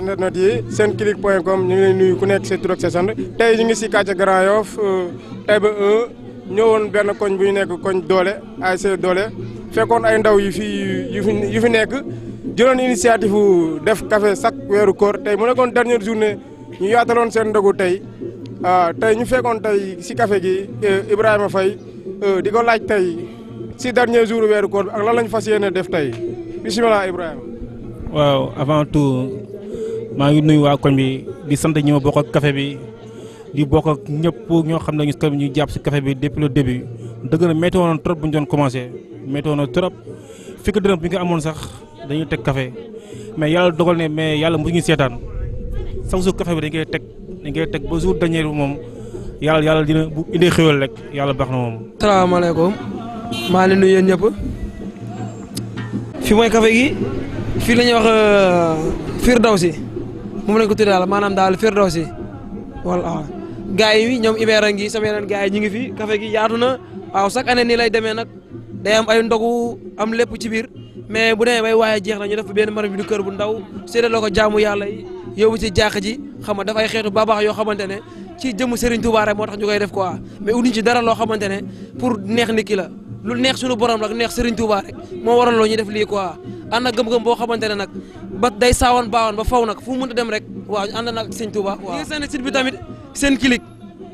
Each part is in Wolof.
internet yi senclic point comme ñu ngi leen nuyu ku nekk sa tur ak sa sant tey ñu ngi si kàcce Grand Yoff euh, Taïba 1 ñëwoon benn koñ bu ñu nekk koñ doole ASC doole fekkoon ay ndaw yu fi yu fi fi nekk jëloon initiative def kafe chaque weeru koor tey mu nekkoon dernière journée ñu yaataloon seen ndogu tey euh, tey ñu fekkoon tey si kafe gi euh, Ibrahima fay di ko laaj tey si dernier jour weeru koor bi ak lan lañ fas yéene def tey bisimilah Ibrahima waaw avant tout maa ngi nuyu waa koñ bi di sant ñi ma bokk ak café bi di bokk ak ñëpp ñoo xam ne ñu si ñu jàpp si kafe bi depuis le début dëgg na métti woon trop bu ñu doon commencé métti woon trop fi ko dërëm bi nga amoon sax dañuy teg kafe mais yàlla dogal ne mais yàlla mu ñu seetaan chaque jour kafe bi dañ koy teg dañ koy teg ba jour dernier moom yàlla yàlla dina bu indee xéwal rek yàlla baax na moom. salaamaaleykum maa ngi leen nuyu yéen ñëpp fi mooy café gi fii la ñuy wax euh, Firdawsi moom lañ ko tuddee daal maanaam daal firdawsi wala waaw gars yi ñoom Ibera ngi sama yeneen gars yi ñu ngi fi café gi yaatu na waaw chaque année nii lay demee nag day am ay ndogu am lépp ci biir mais bu demee bay waaye jeex na ñu def benn maram bi du kër bu ndaw séddale ko jaamu yàlla yi yóbbu ci jàq ji xam nga daf ay xeetu baax yoo xamante ne ci jëmu Serigne Touba rek moo tax ñu koy def quoi mais uduñ ci dara loo xamante ne pour neex nit kila lu neex suñu borom la neex Serigne Touba rek moo waral loo ñuy def lii quoi ànd ak boo xamante ne nag ba day saawoon baawoon ba faw nag fu mu mënta dem rek waaw ànd na ak sëñ Touba waaw. ngi seen site bi tamit seen clic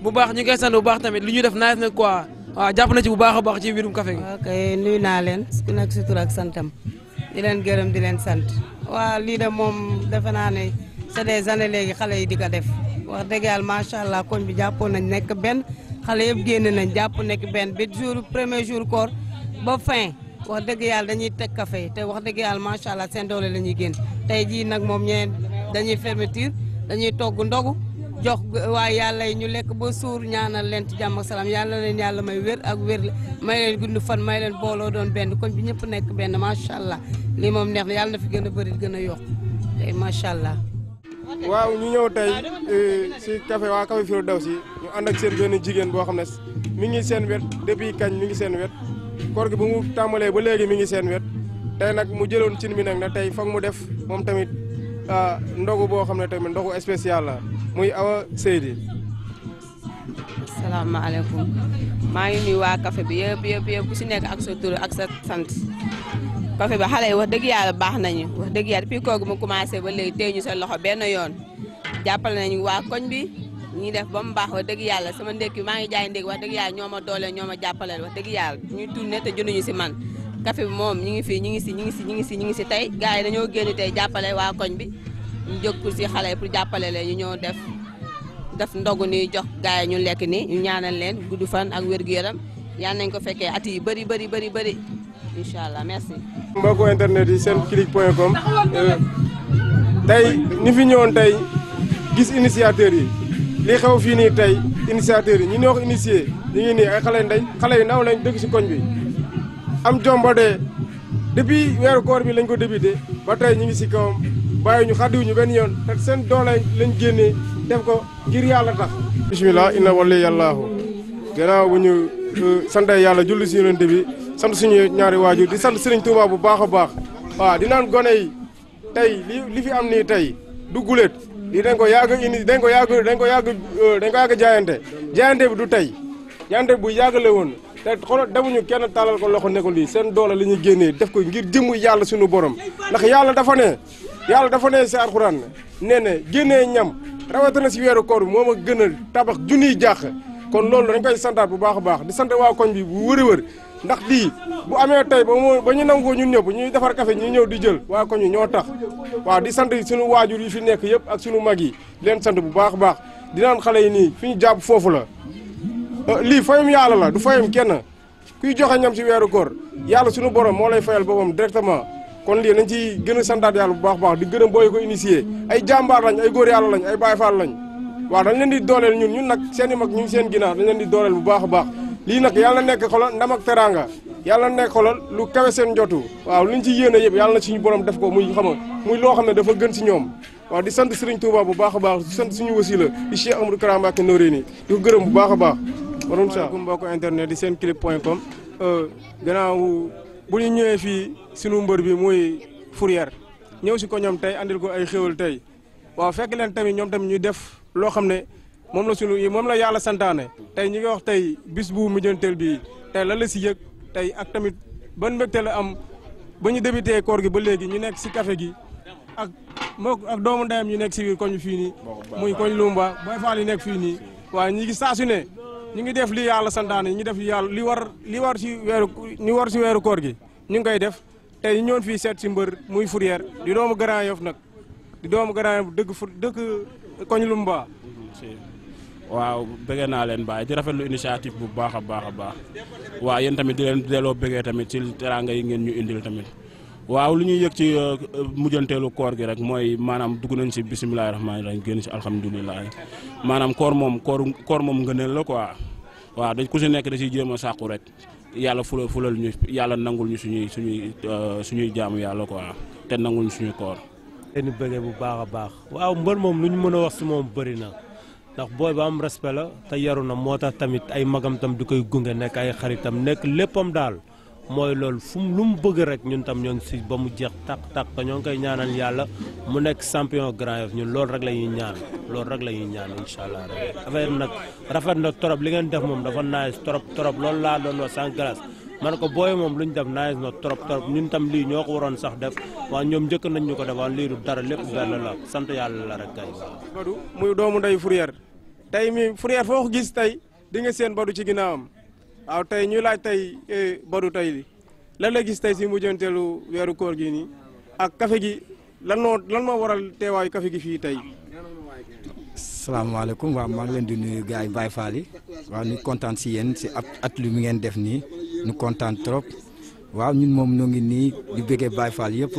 bu baax ñu ngi koy bu baax tamit lu ñuy def nice na quoi waaw jàpp na ci baax a baax ci biirum café gi. ok nuyu naa leen ku nekk ak santam di leen gërëm di leen sant waa lii de moom defe naa ne c'est des années léegi xale yi di ko def wax dëgg yàlla macha allah koñ bi jàppoon nañ nekk benn xale yëpp génn nañ jàpp nekk benn ba jour premier jour koor ba fin wax dëgg yàlla dañuy teg café te wax dëgg yàlla macha allah seen doole la ñuy génn. tey jii nag moom ñeen dañuy fermeture dañuy togg ndogu jox waaye yàlla yi ñu lekk ba suur ñaanal leen ci jàmm ak salaam yàlla leen yàlla may wér ak wér la may leen gudd fan may leen booloo doon benn koñ bi ñëpp nekk benn macha allah lii moom neex na yàlla na fi gën a bëri gën a yokk tey macha allah. waaw ñu ñëw tey e, si café waa café Firdawsi ñu ànd ak seen benn jigéen boo xam ne mi ngi seen wet depuis kañ mi ngi seen wet koor gi bu mu tàmbalee ba léegi mi ngi seen wet. tey nag mu jëloon cin bi nag ne tey foog mu def moom tamit ah, ndogu boo xam ne tamit ndogu spécial la muy Awa Seydi. asalaamaaleykum maa ngi nuyu waa café bi yëpp yëpp yëpp ku si nekk ak sa tur ak sa sant café bi xale yi wax dëgg yàlla baax nañu wax dëgg yàlla depuis kooku mu commencé ba léegi téye ñu see loxo benn yoon jàppale nañu waa koñ bi ñuy def ba mu baax wax dëgg yàlla sama ndékki maa ngi jaay ndékki wax dëgg yàlla ñoo ma doole ñoo ma jàppale wax dëgg yàlla ñuy tourné te jënduñu si man. café bi moom ñu ngi fii ñu ngi si ñu ngi si ñu ngi si ñu ngi si tey gars yi dañoo génn tey jàppale waa koñ bi ñu jóg si xale pour jàppale leen ñu ñëw def def ndogu ni jox gars yi ñu lekk nii ñu ñaanal leen gudd fan ak wér-gu-yaram yal nañ ko fekkee at yi bëri bëri bëri bëri incha allah merci. mbokku internet yi senclic point com euh, tey ñi fi ñëwoon tey gis initiateur yi li xew fii nii tey initiateur yi ñi ñoo ko ñu ngi nii ay xale yu ndaw xale yu si koñ bi. am jombodee depuis weeru koor bi lañ ko de ba tey ñu ngi si kawam bàyyi ñu xaddiwuñu benn yoon te seen doole lañ génnee def ko ngir yàlla tax bisimilah ina wali yàllaahu gannaaw bu ñu euh, santa yàlla julli si yonente bi sant suñu ñaari waajur di sant Serigne Touba bu baax a baax waaw di naan gone yi tey li li fi am nii tey du guléet lii dañ ko yàgg indi dañ ko yàgg dañ ko yàgg euh, dañ ko yàgg jaayante jaayante bi du tey jaayante bu yàgg la woon te xoolal demuñu kenn tàllal ko loxo ne ko seen doole li ñu génnee def ko ngir jëmm yàlla suñu borom ndax yàlla dafa ne yàlla dafa ne si alxuraan ne ne génnee ñam rawatina si weeru koor moom a gën a tabax junniy jàq kon loolu dañ koy santaat bu baax a baax di sant waa koñ bi bu wërëwër ndax lii bu amee tey ba mu ba ñu nangoo ñun ñëpp ñuy defar café ñu ñëw di jël waa koñ ñoo tax waaw di sant suñu waajur yi fi nekk yëpp ak suñu mag yi leen sant bu baax a baax di naan xale yi nii fi ñu jàpp foofu la Euh, lii fayum yàlla la du fayum kenn kuy joxe ñam ci weeru koor yàlla sunu borom moo lay fayal boppam directement kon lii nañ ci gën a santaat yàlla bu baax baax di gën a ko initié ay jàmbaar lañ ay góor yàlla lañ ay baay faal lañ waaw dañ leen di dooleel ñun ñun nag seen i mag ñu ngi seen ginnaaw dañ leen di dooleel bu baax a baax lii nag yàlla na nekk xolal ndam ak teraanga yàlla na nekk lu kawe seen njotu waaw liñ ci yéene yëpp yàlla na suñu borom def ko muy xam muy loo xam ne dafa gën si ñoom waaw di sant Serigne Touba bu baax baax di suñu wasila di Cheikh Amadou Kara Mbacké Noreyni di ko bu baax baax waroon saa asalaamaaleykum mbokku internet di seen clip point com euh, ganaaw bu ñu ñëwee fii sunu mbër bi muy Fourrière ñëw si ko ñoom tey andil ko ay xéwal tey waaw fekk leen tamit ñoom tamit ñuy def loo xam ne moom la sunu moom la yàlla santaane tey ñi ngi wax tey bis bu mujjanteel bi tey lan la si yëg tey ak tamit ban mbégte la am ba ñu débuté koor gi ba léegi ñu nekk si kafe gi ak doomu ndeyam ñu nekk si biir koñu fii nii muy koñ Lumba Baye Fall yi nekk fii nii waaw ñi ngi ne ñu ngi def li yàlla santaane ñu ngi def li yàlla li war li war si weeru ñu war si weeru koor gi ñu ngi koy def te ñu ñoon fii seet si mbër muy Fourrière di doomu Grand Yoff nag di doomu Grand Yoff dëkk fu dëkk koñ Lumba waaw bëggee naa leen baay di rafetlu initiative bu baax a baax a baax waaw yéen tamit di leen delloo bëggee tamit ci teraanga yi ngeen ñu indil tamit waaw lu ñuy yëg ci euh, mujjanteelu koor gi rek mooy maanaam dugg nañ ci bisimilahi rahmaani rahim génn ci alhamdulilah maanaam koor moom koor koor moom ngëneel la ko waaw dañ ku si nekk da ciy jéem a sàqu rek yàlla fulal fulal ñu yàlla nangul ñu suñuy suñuy euh, suñuy jaamu yàlla quoi te nangul ñu suñu koor. leen bëggee bu baax a baax waaw mbër moom lu ñu mën a wax si moom bëri na ndax booy ba am respect la te yaru na moo tax tamit ay magam tam du koy gunge nekk ay xaritam nekk léppam daal. mooy loolu fu mu lu mu bëgg rek ñun tam ñoo ngi si ba mu jeex tàq tàq te ñoo ngi koy ñaanal yàlla mu nekk champion Grand Yoff ñun loolu rek la ñuy ñaan loolu rek la ñuy ñaan incha allah affaire nag rafet na trop li ngeen def moom dafa nice trop trop loolu laa doon wax sans glace ko booy moom lu ñu def nice na trop trop ñun lii ñoo ko waroon sax def waaw ñoom njëkk nañ ñu ko def waaw lii du dara lépp benn la sant yàlla la rek kay. Badou muy doomu nday Fourrière tey mi Fourrière foo ko gis tey di seen Badou ci ginnaawam. waaw tey ñu laaj tey eh, baru tey lan la gis tey si mujjanteelu weeru koor gi nii ak kafe gi lan lan moo waral teewaayu kafe gi fii tey. salaamaaleykum waaw maa ngi leen di nuyu gars yi Baye Fall yi waaw ñu kontaan si yéen si at at lu mi ngeen def nii nu kontaan trop waaw ñun moom ñoo ngi nii di bëggee Baye Fall yëpp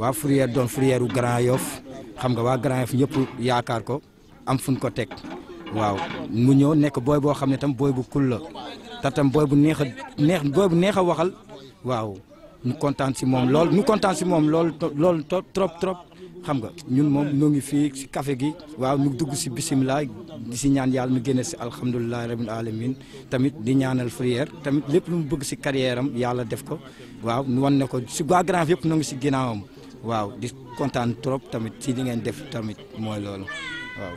waa fourrière doon fourrière Grand Yoff xam nga waa Grand Yoff ñëpp yaakaar ko am fuñ ko teg waaw mu ñëw nekk booy boo xam ne tam booy bu kul tam booy bu neex a neex booy bu neex a waxal waaw ñu kontaan si moom lool ñu kontaan si moom lool lool trop trop xam nga ñun moom ñoo ngi fii si kafe gi waaw ñu dugg si bisimilah di si ñaan yàlla ñu génne si alhamdulilah rabbil alamin tamit di ñaanal Fourrière tamit lépp lu mu bëgg si carrière yàlla def ko waaw ñu wan ne ko si waa Grand yëpp ñoo ngi si ginnaawam waaw di kontaan trop tamit si li ngeen def tamit mooy loolu waaw.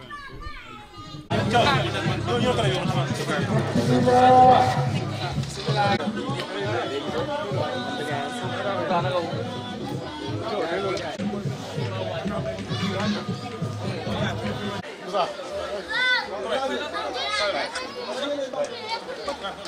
Musa